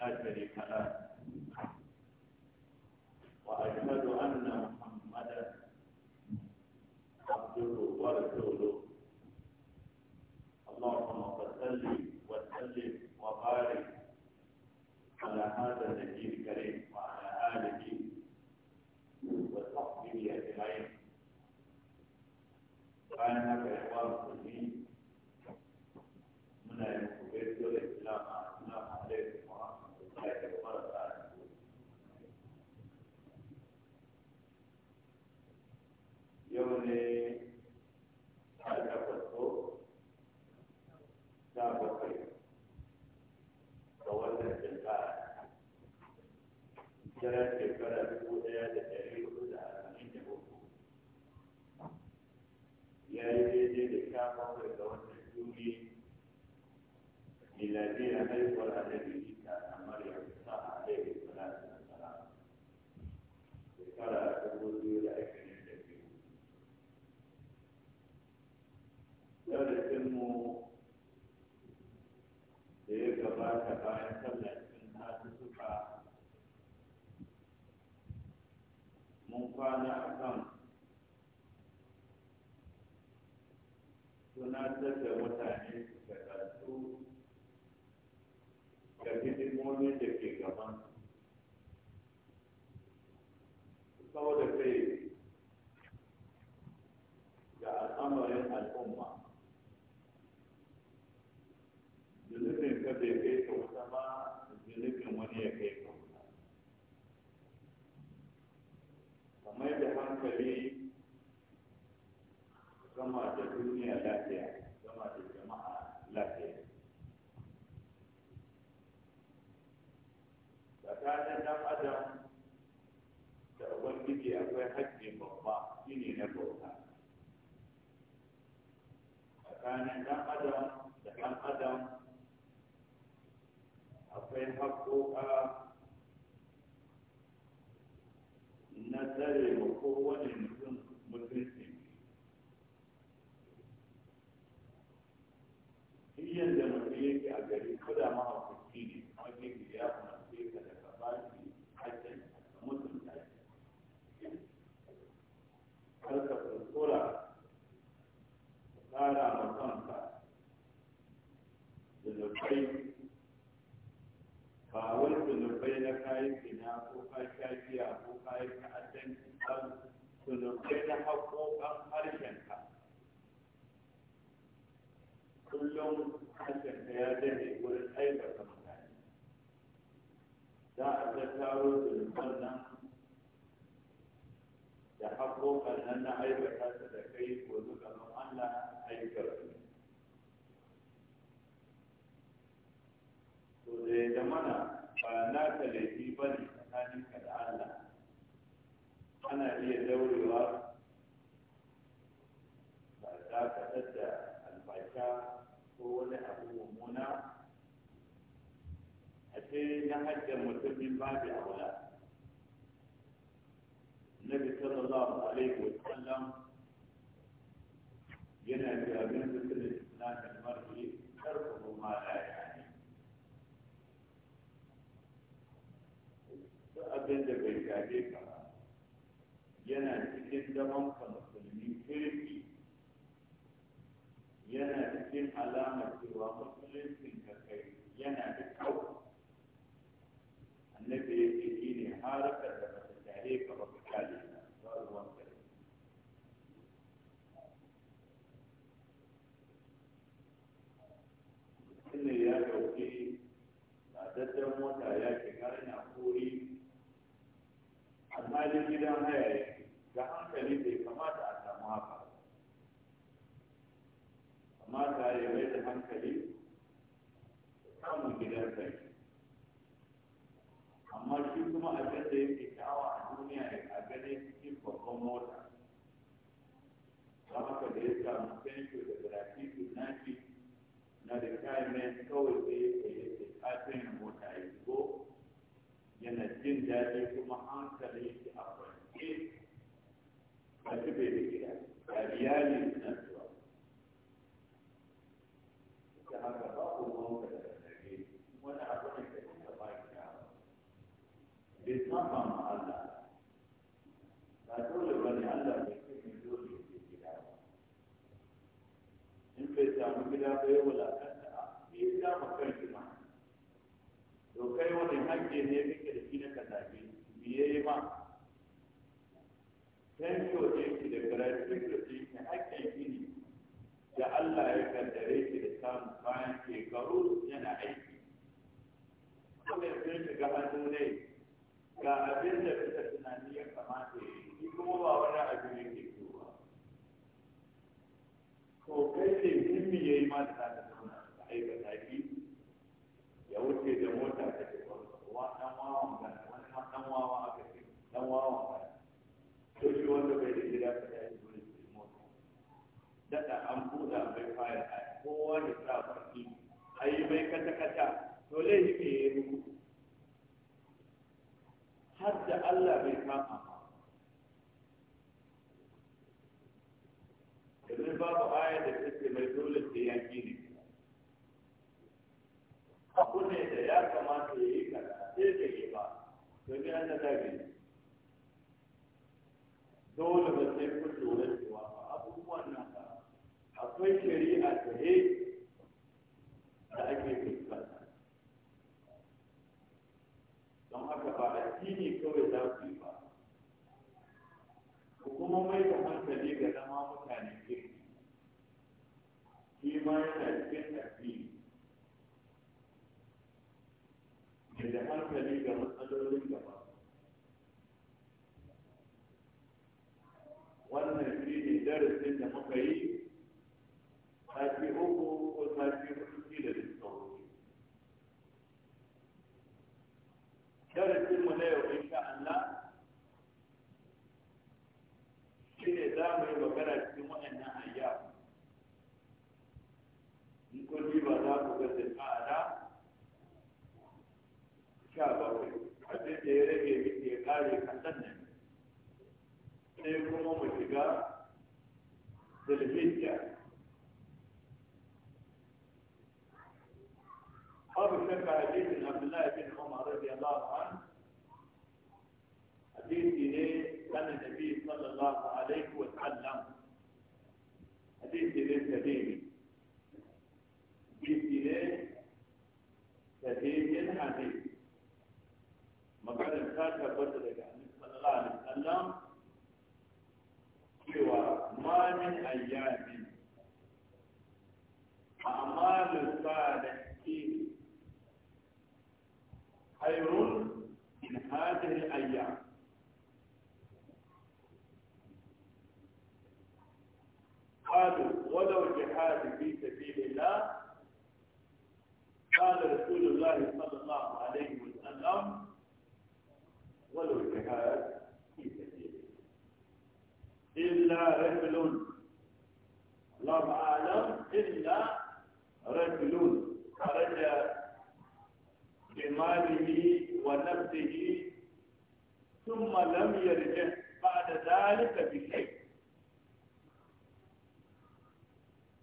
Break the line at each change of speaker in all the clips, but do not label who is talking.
لا شريك له وأشهد that da mutane su karatu da hidimomi da ke gaba su kawo da kai ga al'amarin al'umma zunubin ka bai kai ka wuta ba zunubin wani ya kai ka wuta kamar da hankali kama da duniya lafiya zamana ba na ka laifi ba ne tsakaninka da Allah ana iya daurewa ba za ka da albasha ko wani abu mummuna a ce na hajjar mutumin babu aula النبي صلى الله عليه وسلم ينادي yana cikin zaman ka musulmi kirki yana cikin alamar cewa musuluncin ka kai yana da kyau annabi ya ce shine harkar yana jin daɗi kuma hankalin shi a kwance ba su bai da gida ba iyali fento da yake da karatu da shi ne hakkin gini da Allah ya kaddare ki da samun bayan shekaru aiki kawai za ku yi ba kuma mai da hankali ga zama mutane kirki shi ma yana de la Iglesia الأيام أعمال الصالحين خير من هذه الأيام قالوا ولو جهاد في سبيل الله قال رسول الله صلى الله عليه وسلم ولو جهاد في سبيل الله إلا رجل والله أعلم إلا رجلون خرج بماله ونفسه ثم لم يرجع بعد ذلك بشيء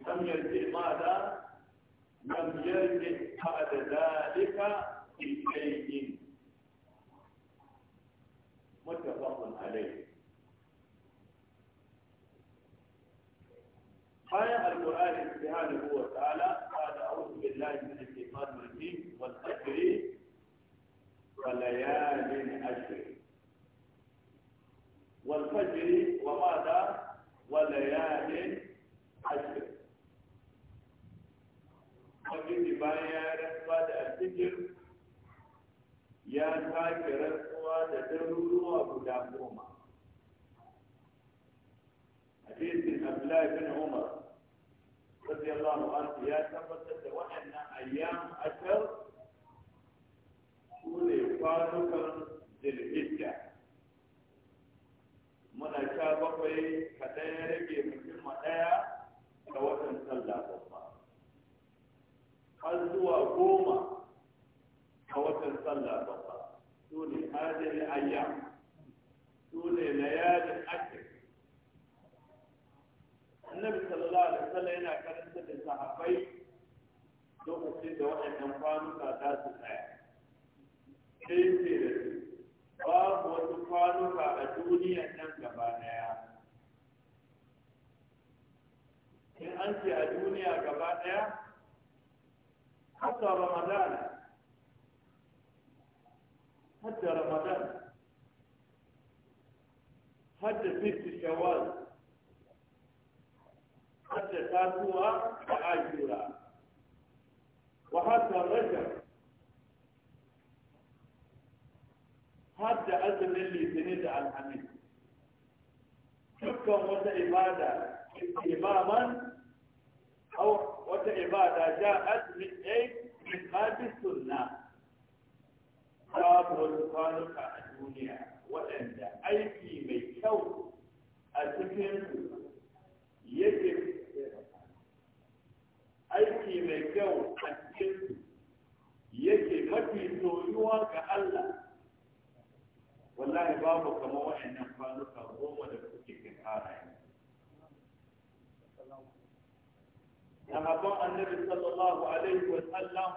لم يرجع ماذا لم يرجع بعد ذلك بشيء bayan alƙur'ani bi hada huwa ta'ala ba'da a'udhu billahi minash shaitanir rajim wal fajri wa layalin ashri wal fajri wa madha wa layalin ashri Ubangiji bayan ya rantsuwa da alfijir ya sake rantsuwa da daruruwa guda goma. Hadisin Umar رضي الله عنه يا ثبت وأن أيام أشر كل فارق للهجة من أشابه كتير من المدايا كوثن صلى الله عليه وسلم فالدوى قومة كوثن صلى الله عليه وسلم دون هذه الأيام دون ليالي الأشر annabi sallallahu alaihi wasallam yana karanta da sahabbai lokacin da waɗannan kwanuka za su tsaya sai ce da su babu wasu kwanuka a duniya nan gaba ɗaya in an ce a duniya gaba ɗaya حتى رمضان حتى رمضان حتى ست شوال hatta ta tuwa da ajiyura wa hatta rasha hatta azalin litini da alhamid dukkan wata ibada imaman wata ibada ja azmin ay min hadi babu wani kwanuka a duniya waɗanda aiki mai kyau a cikin yake soyuwa ga Allah wallahi babu kamar wa'annan kwanuka goma da kuke kai halaye sahabban annabi sallallahu alaihi wa sallam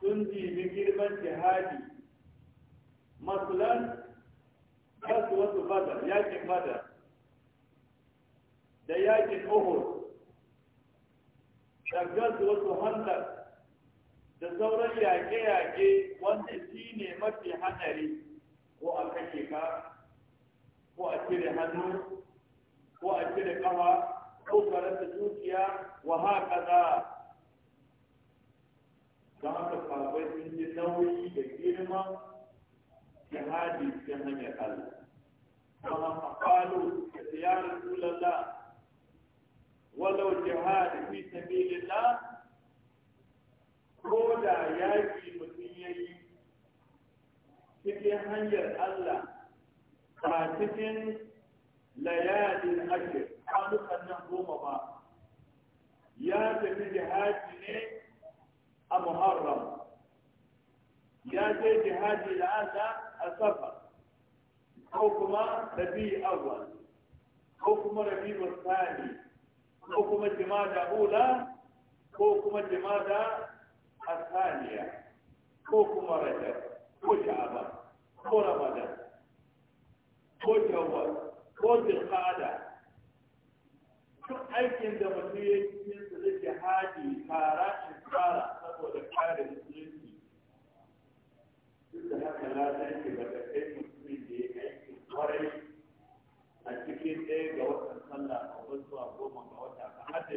sun jibi girman jihadi masulan kasu wasu badar yakin badar da yakin uhud da gasu wasu hantar da sauran yaƙe-yaƙe wanda shi ne mafi hanari ko a kashe ka ko a cire hannu ko a cire kawa ko karanta dukiya wa haka za don haka sabai sun ji nauyi da girma hadi ta hanyar Allah kama faƙalo da ziyarar tulalla walau jihadi fi sabi ko da yaƙi mutum ya yi cikin hanyar Allah ba cikin layalin ashir kwanukan nan goma ba ya tafi jihadi ne a muharram ya je jihadi da Allah a safar ko kuma rabi awwal ko kuma rabi wasani ko kuma jimada ula ko kuma jimada الثانية ko kuma rajab ko sha'aban ko ramadan ko jawwal ko zulqa'ada duk aikin da mutum ya yi cikin su zai jihadi tara in tsara saboda kare musulunci duk da haka ladan ki ba ta kai mutumin da ya aikin kwarai a cikin ɗaya ga wasan sallah a ko zuwa goma ga wata ba har da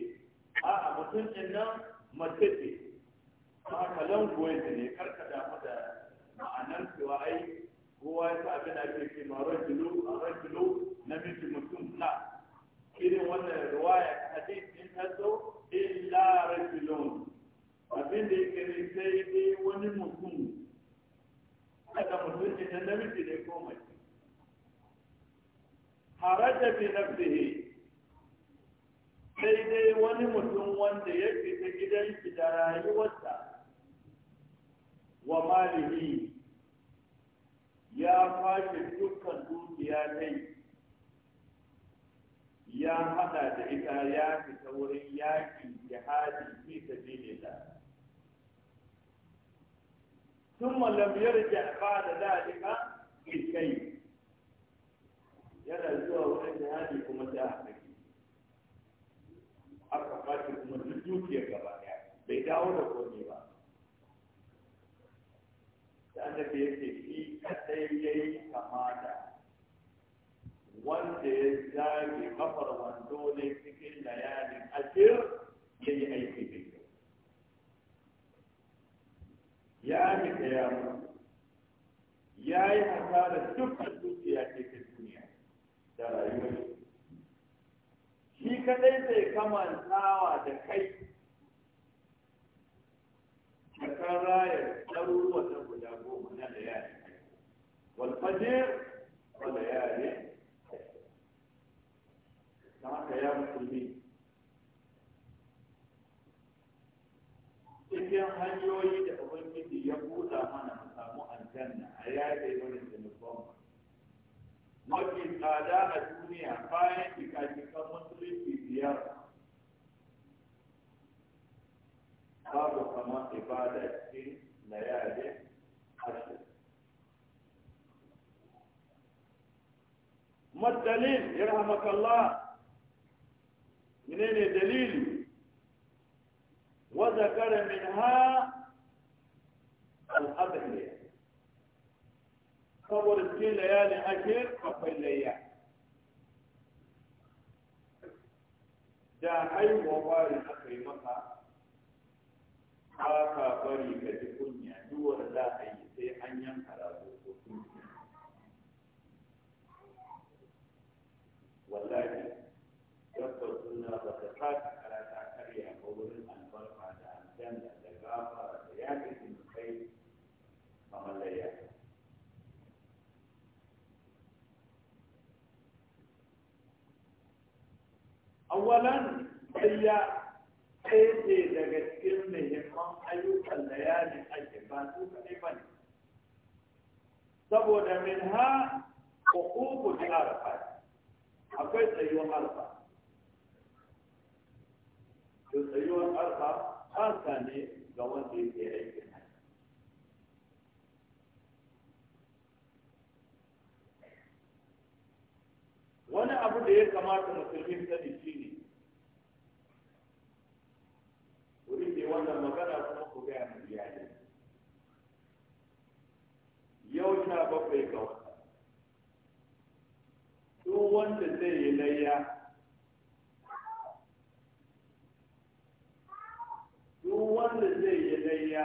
a'a mutum din nan mace ce ba ka langoyin da ne karkata damu da ma'anar cewa ai kowa ya sa abin da ake ce ma rajulu a rajulu miji mutum na irin wannan ruwaya hadis din ta zo illa rajulun abin da yake ne sai dai wani mutum kada mutum din nan namiji ne ko mace haraja na nafsihi sai dai wani mutum wanda ya fita gidanki da rayuwarsa wa malihi ya kwashe dukkan dukiya dai ya hada da ita ya fita wurin yaƙi jihadi fi sabilillah ثم لم يرجع بعد ذلك بالشيء yana zuwa wurin jihadi kuma ta dukiyar gaba ɗaya bai dawo da komai ba da annabi ya ce shi kadai ya yi kamata wanda ya zage kafar wando ne cikin layalin ashir ya yi aiki da ya mi kiyama ya yi hasarar dukkan dukiya cikin duniya da rayuwar shi kadai zai kamantawa da kai da kan rayar ɗaruruwa ta guda goma na da yare walfajir ko da yare ta haka ya musulmi cikin hanyoyi da ubangiji ya buɗa mana mu samu aljanna a yaƙi wani telefon mafi tsada a duniya bayan ikakikan musulunci biyar babu kama ibada ce na yare ashe. Madalil, ya rahamakalla, mene ne dalili? Wa zakara min ha al صبر في ليالي عشر وفي الليالي جاء أي وبار أخي مطا حاكا طريقة دنيا دور لا أي شيء أن ينقل والله يفضل سنة بسحاك awalan tsayya ɗaya ce daga cikin muhimman ayyukan da ne ake ba su kaɗai ba ne saboda min ha hukuku da arafa akwai tsayuwar arafa to tsayuwar arafa ta ne ga wanda yake aikin wani abu da ya kamata musulmi sani shi ne wuri ne wannan magana kuma ku gaya mu iyali yau sha bakwai ga wata duk wanda zai yi layya duk wanda zai yi layya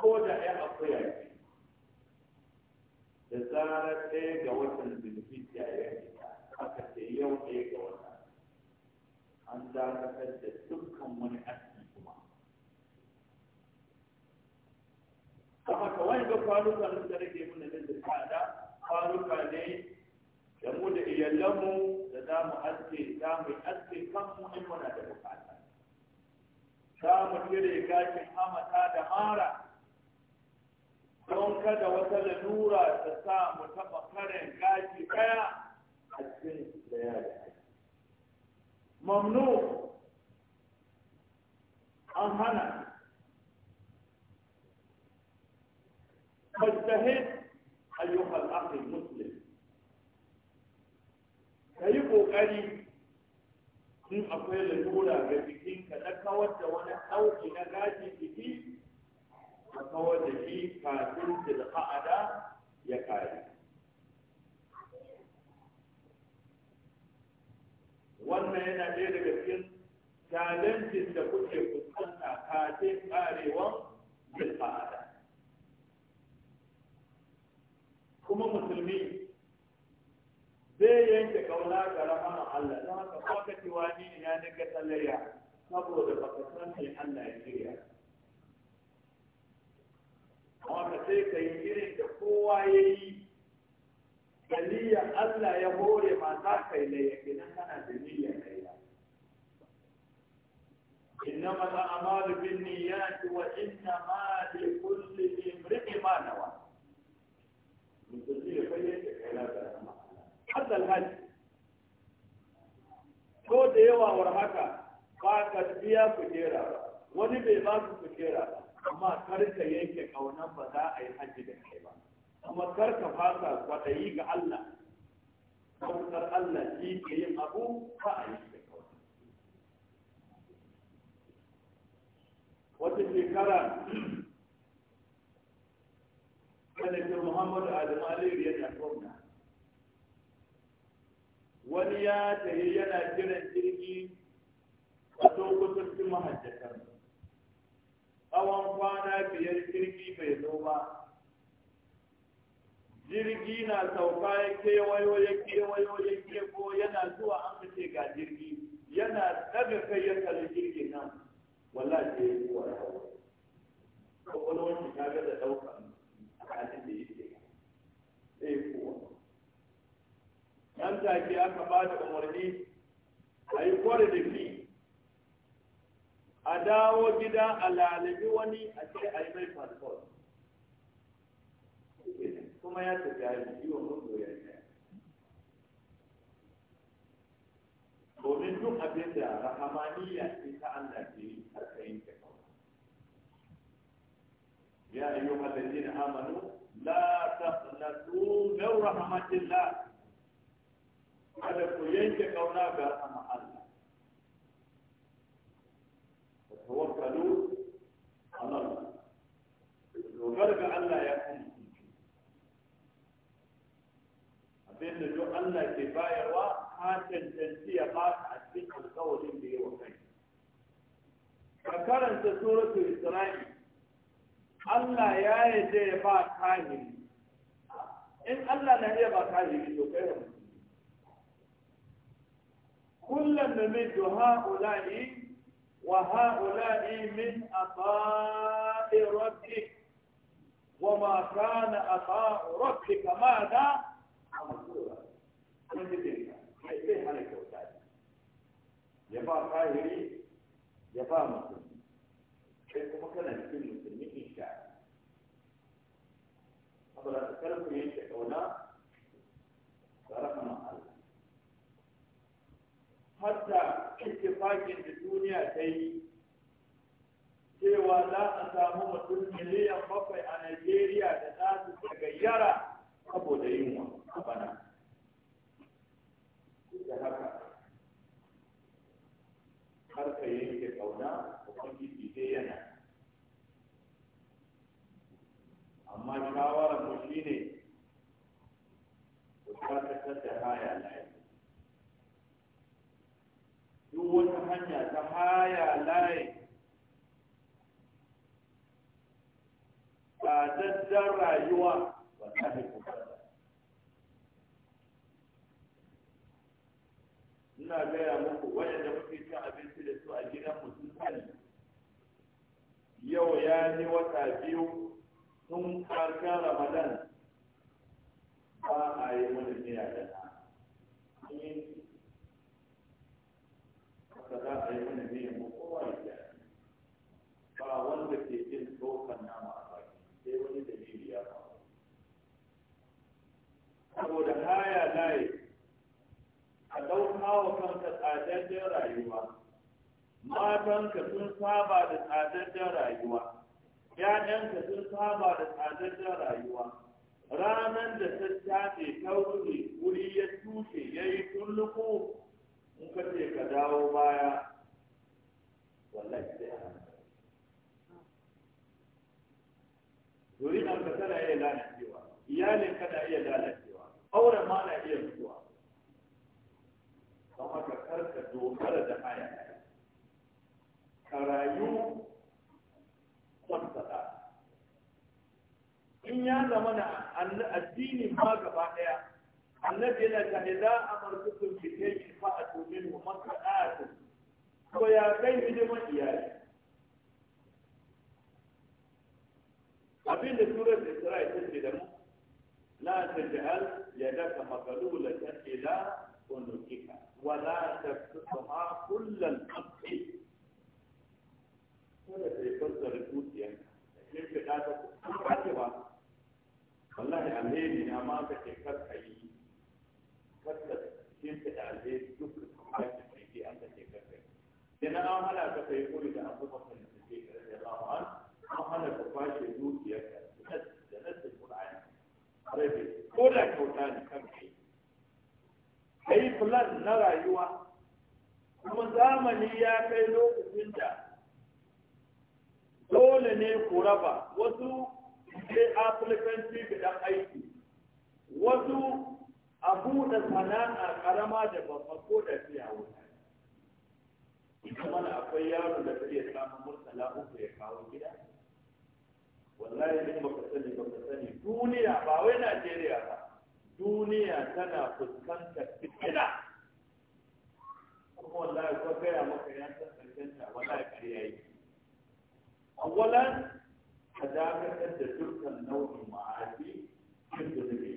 ko da ya akuya yaki da zarar ɗaya ga watan zulhijja ya yi aka ce yau ɗaya ga wata an dakatar da dukkan wani aski kuma kama ka wani ga kwanuka nan da rage mana da tsada ne
da mu da iyalanmu
da za mu aske za mu yi aske kan mu in muna da bukata za mu cire gashin amata da mara don kada wata lalura ta sa mu taɓa karen gashi ɗaya ممنوع أم منع فاجتهد أيها الأخ المسلم كيفو قالي كن أقول الأولى بكين كنكوت وأنا أوكي نغاجي بكين أقول لي كاتب تلقى أدا يا كاتب wannan yana ɗaya daga cikin talentin da kuke fuskanta kafin ƙarewan bil'ada kuma musulmi zai yanke kauna ga rahama Allah don haka baka cewa ni ya nika tsallayya saboda baka san mai Allah ya shirya amma sai ka yi irin da kowa ya yi ka Allah ya hore ma za ka yi layyaki nan kana da niyya kai ya. Inna mata amalu bin niyyati wa inna ma li kulli imri'in ma nawa. Mun tsaye kai yake kai la da ma. Hadal hal. Ko da yawa war haka ba ka biya kujera ba. Wani bai ba ku kujera ba. Amma kar ka yanke kaunan ba za a yi hajji da kai ba. amma kar ka fasa kwaɗayi ga Allah matuƙar Allah shi ke yin abu ba a yi da kawai wata shekara ke Muhammadu Adamu Aliyu yana gwamna wani ya tafi yana jiran jirgi a tokutun mahajjatar tsawon kwana biyar jirgi bai zo ba jirgi na sauka ya kewayo ya kewayo ya keko yana zuwa an ce ga jirgi yana daga kai ya kalli jirgin nan wallahi sai ya zuwa ya hawa kwakwalwar shi ta ga da ɗaukan halin da yake sai kuwa nan take aka ba da umarni a yi kware da fi a dawo gida a lalabi wani a ce a yi mai fasfot kuma ya tafi haji wa ya domin duk abin da rahamaniya ce ta Allah ke yi har ka yanke ya ayyuhal ladina amanu la taqnatu min rahmatillah kada ku yanke kauna ga rahmatillah التنسية قال سورة إسرائيل الله يا يدي باك هاهم إن الله نهي باك هاهم كل نمد هؤلاء وهؤلاء من أطاء ربك وما كان أطاء ربك ماذا؟ أمسورة من zai hana kyauta ya ba kahiri ya ba musulmi sai kuma kana cikin musulmi insha saboda ka karku yanke kauna da rahama Allah hatta ittifaqin da duniya ta yi cewa za a samu mutum miliyan bakwai a Najeriya da ɗauka wa kanka tsadajjen rayuwa matanka sun saba da tsadajjen rayuwa ƴaƴanka sun saba da tsadajjen rayuwa ranar da ta tace ta wuri wuri ya tushe ya yi tulluku in ka ce ka dawo baya wallahi sai a Dori an ka tana iya lalacewa, iyalin ka na iya lalacewa, auren ma na iya ka dogara da aya ka rayu kwantata in ya zama na addinin ma gaba daya annabi yana ta idza amartukum bi shay'in fa atumin wa ko ya kai hidiman iyali abin da surar isra'il ta ce da mu la taj'al yadaka maghlulatan ila كنوتها ولا تكتبها كل الحق هذا في قصر الكوتيا يعني. في قصة الكوتيا والله أمين يا ما تكتب أي كتب كيف تعزيز أن ka yi plan na rayuwa kuma zamani ya kai lokacin da dole ne ku raba wasu ke ga gidan aiki wasu abu da sana'a karama da babba ko da fiya wuta ita mana akwai yaro da zai samun murtala uku ya kawo gida wallahi ne baka sani baka sani duniya ba wai najeriya ba duniya tana fuskantar fitina kuma wallahi ko gaya maka ya san karshenta wallahi ƙarya yi awalan ka dakatar da dukkan nau'in ma'aji cikin zunubi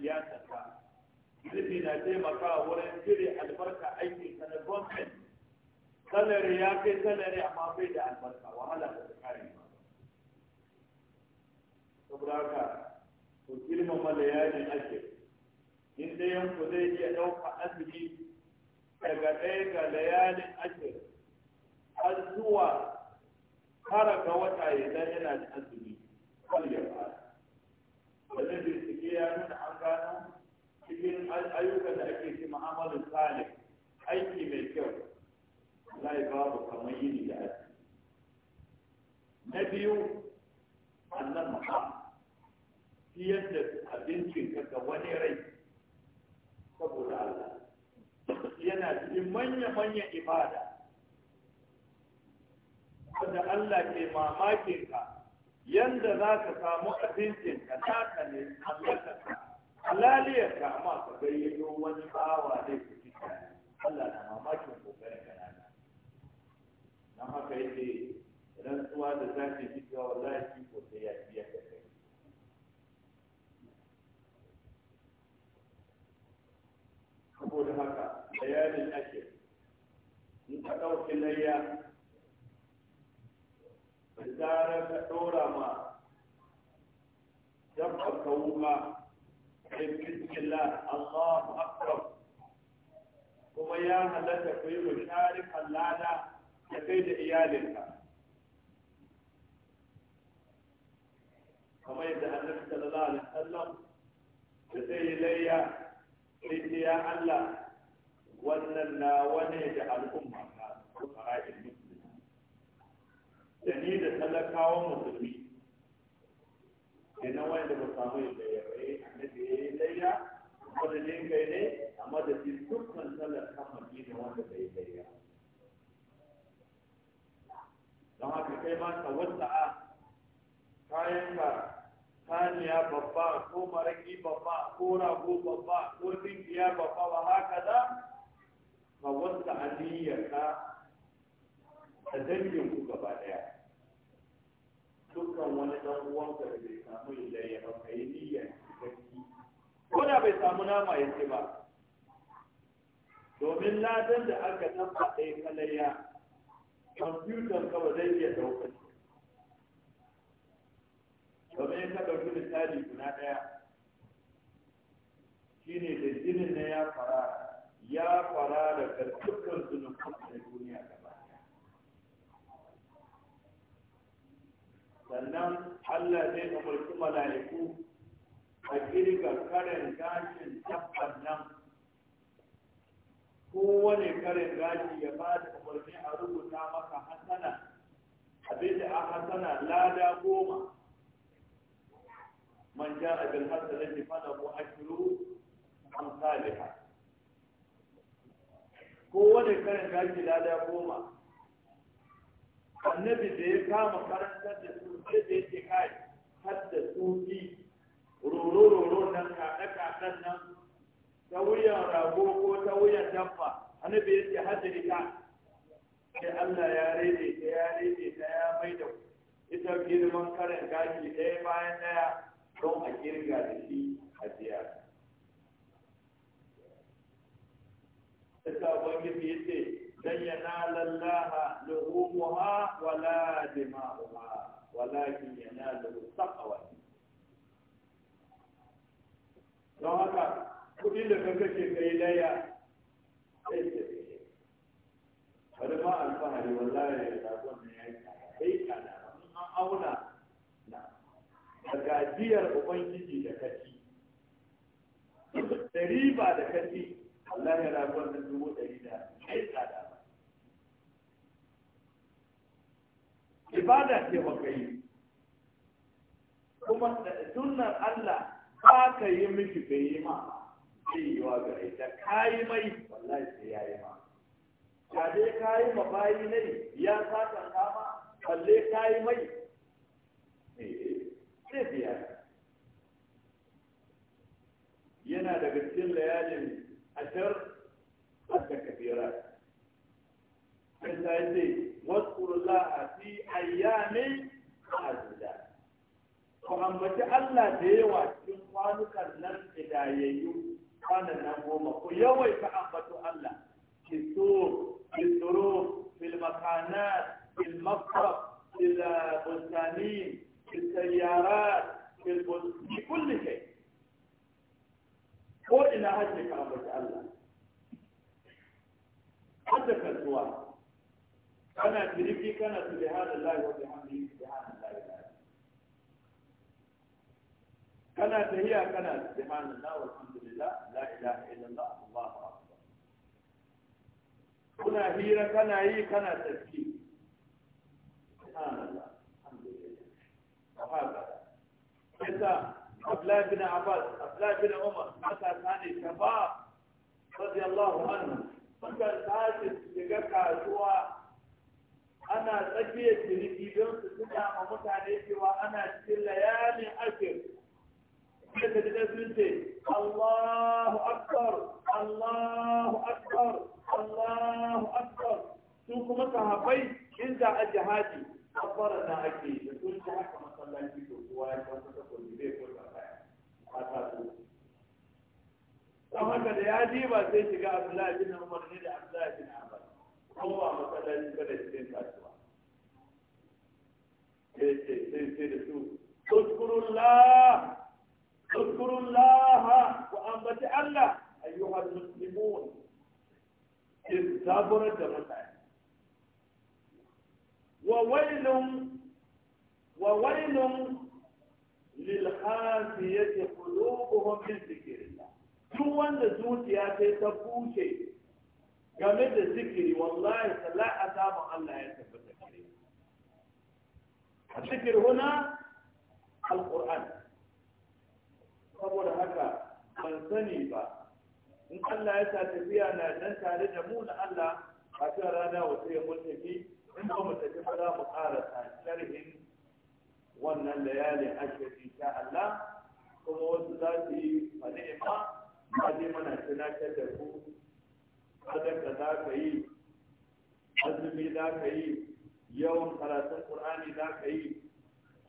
siyasa ka na taimaka wurin cire albarka aiki na gwamnati salari ya kai salari amma bai da albarka wahala da kare ba saboda haka ku girmama layalin ake in ɗayan ku zai iya ɗauka azumi daga ɗaya ga layalin ake har zuwa tara ga wata ya yana da azumi kwallon ba wanda bincike ya nuna an gano cikin ayyukan da ake ci ma'amalin salih aiki mai kyau yi babu kamar yini da ake? na biyu annan maha siyar da abincin ka wani rai saboda Allah yana cikin manya manya ibada wanda Allah ke mamakin ka yanda za ka samu abincin ka naka ne mallaka halaliyar ka amma ka gayyato wani bawa zai ku ci Allah na mamakin kokarin ka nana dan haka yake rantsuwa da za ta ji cewa wallahi shi ko sai ya biya ka kai saboda haka bayanin ake in ka ɗauki layya da zarar ka ɗora ma dabba ka wuka sai bismillah Allahu akbar kuma ya halatta ku yi musharikan lada da kai da iyalinka kamar yadda annabi sallallahu alaihi wasallam da sai yi layya sai ya Allah wannan na wani da al'umma na fara'in da ni da talakawan musulmi kenan wanda ba samu yin bayyare eh, annabi ya yi layya wanda ne kai ne a shi dukkan talakan madina wanda bai layya don haka kai ma ka a kayan ka saniya babba ko maraki babba ko rago babba ko dinkiya babba wa haka da ka wasa ka da dangin ku gaba daya dukkan wani dan uwanka da bai samu ilayya ba kai niyyar gaski ko da bai samu nama ya ce ba domin ladan da aka tafa ɗaya kalaya kwamfutan ka ba zai iya ɗaukar domin taɓa ɗauki misali guda ɗaya shine da jinin na ya fara ya fara daga dukkan zunubin da duniya gaba sannan Allah zai umarci mala'iku a girga karen gashin tabbar nan kowane karen gashi ya ba da umarni a rubuta maka hasana abin da a hasana lada goma man ja a bin hasana ne fada ko ashiru an saliha kowane karen gashi lada goma annabi da ya kama karantar da sai da yake kai har da tsofi roro-roro nan kaɗe nan ta wuyan rago ko ta wuyan dabba annabi bai ce har da sai Allah ya rede ta ya rede ta ya mai da ita girman karin gashi ɗaya bayan ɗaya don a girga da shi a jiya. Isa Ubangiji ya ce, Zan yana lallaha luhumuha wala dima'uha. walakin yanalu taqwa don haka kudi da ka kake kai laya sai ka kai bari ma alfahari wallahi da zan ne yayi kai kana an auna na gajiyar ubangiji da kaci da riba da kaci wallahi ya rabu wannan dubu ɗari da kai ibada ce baka yi kuma sunnar Allah ba yi miki bai yi ma sai yi wa ita ka kayi mai wallahi sai ya yi ma ya dai kayi ma bayi ne ya ka kama balle kayi mai sai eh, biya yana daga cikin layalin ashar a kafira sai ta yi واذكر الله في أيام عددا فأمتي الله ديوة ينقانك لن إدايي كان نموما ويوي فأمتي الله في السوق في الظروف في المكانات في المصرف في البستانين في السيارات في, البس... في كل شيء هو إلى هجرك وانا ادري كانت بهذا الله وبحمده سبحان الله كانت هي كانت سبحان الله والحمد لله لا اله الا الله الله اكبر هنا هي كان هي كانت تسكين سبحان الله الحمد لله وهذا حتى عبد بن عباس عبد بن عمر حتى ثاني شباب رضي الله عنه فكان ساجد لقى كاسوه ana tsakiyar ciniki don su tuna a mutane cewa ana cikin layalin ashir sai ka jida sun ce Allahu Akbar Allahu Akbar Allahu Akbar su kuma sahabbai in za a jihadi kabbara na ake da sun ji haka masallaci to kowa ya san ta kulli bai ko ta baya a ta su don haka da ya ji ba sai shiga Abdullahi bin Umar ne da Abdullahi bin Abbas kowa masallaci kada shi sai da su Allah wa wanda zuciya sai ta bushe game da zikiri wallahi sala azaban Allah ya tabbata الذكر هنا القرآن saboda haka ban sani ba in Allah ya sa tafiya na nan tare da mu na Allah kafin rana wata ya mun in ba mu tafi ba za mu ƙarasa sharhin wannan layalin ashiri sha Allah kuma wasu za su yi fani'ima ba dai mana tunatar da ku sadaka za ka yi azumi za ka yi yawan karatun qur'ani za ka yi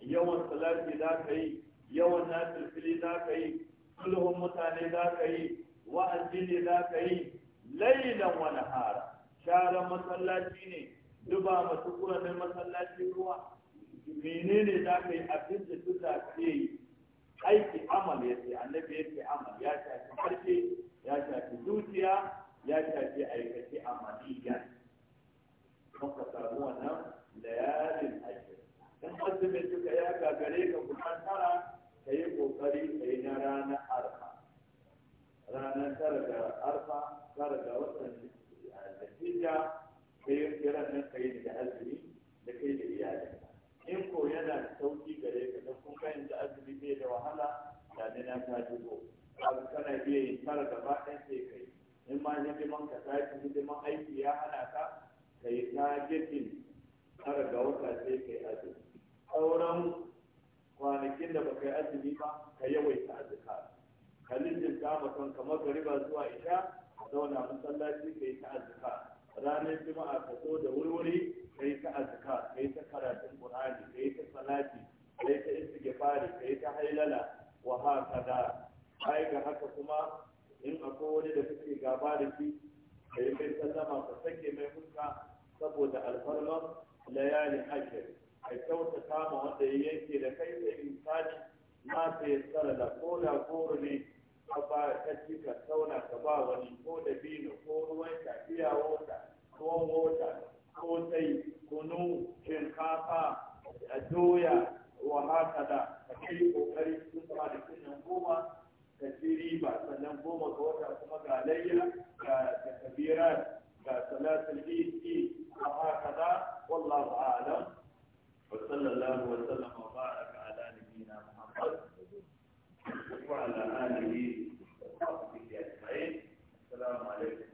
yawan salati za ka yi yawan nafilfili za ka yi sulhun mutane za ka yi wa'azi ne za ka yi lailan wa nahara sharan masallaci ne duba masu kuranin masallaci ruwa menene za ka yi abin da duk za aiki amal ya ce annabi ya ce amal ya shafi harshe ya shafi zuciya ya shafi aikace amaliya ka samu wannan layalin ajiyar dan azumin duka ya gagare ka guda tara ka yi kokari ka yi na ranar arfa ranar tara ga arfa tara ga watan zafija ka yi kiran nan ka yi da azumi da kai da iyalin in ko yana da sauki gare ka don kun fahimta azumi bai da wahala damina ta jigo kana iya yin tara gaba ɗan sai kai in ma hidiman ka tashi hidiman aiki ya hana ka ka yi targeting tara ga wata sai kai azumi sauran kwanakin da baka yi azumi ba ka yawaita aji ka liljinta kamar kanka magariba zuwa isha ka zauna masallaci kai ta azkar ranar juma'a ka zo da wurwuri kai ta ka kai ta karatun qur'ani kai ta salati kai ta istighfari kai ta hailala wa hakada ai ga haka kuma in akwai wani da kuke gaba da shi kai mai sallama ka sake mai fuska saboda alfarma layali hajjar a kyauta samun wanda ya yanke da kai da insani na ta tsara da ko da goro ne a ba ka ci ka tauna ka ba wani ko da bino ko ruwan iya wota ko wota ko kunu shinkafa a doya wa haka da ka kai kokari sun ba da goma ka ci riba sannan goma ga wata kuma ga layya ga kabirar كصلاة العيد فيه وهكذا والله أعلم وصلى الله وسلم وبارك على نبينا محمد وعلى آله وصحبه أجمعين السلام عليكم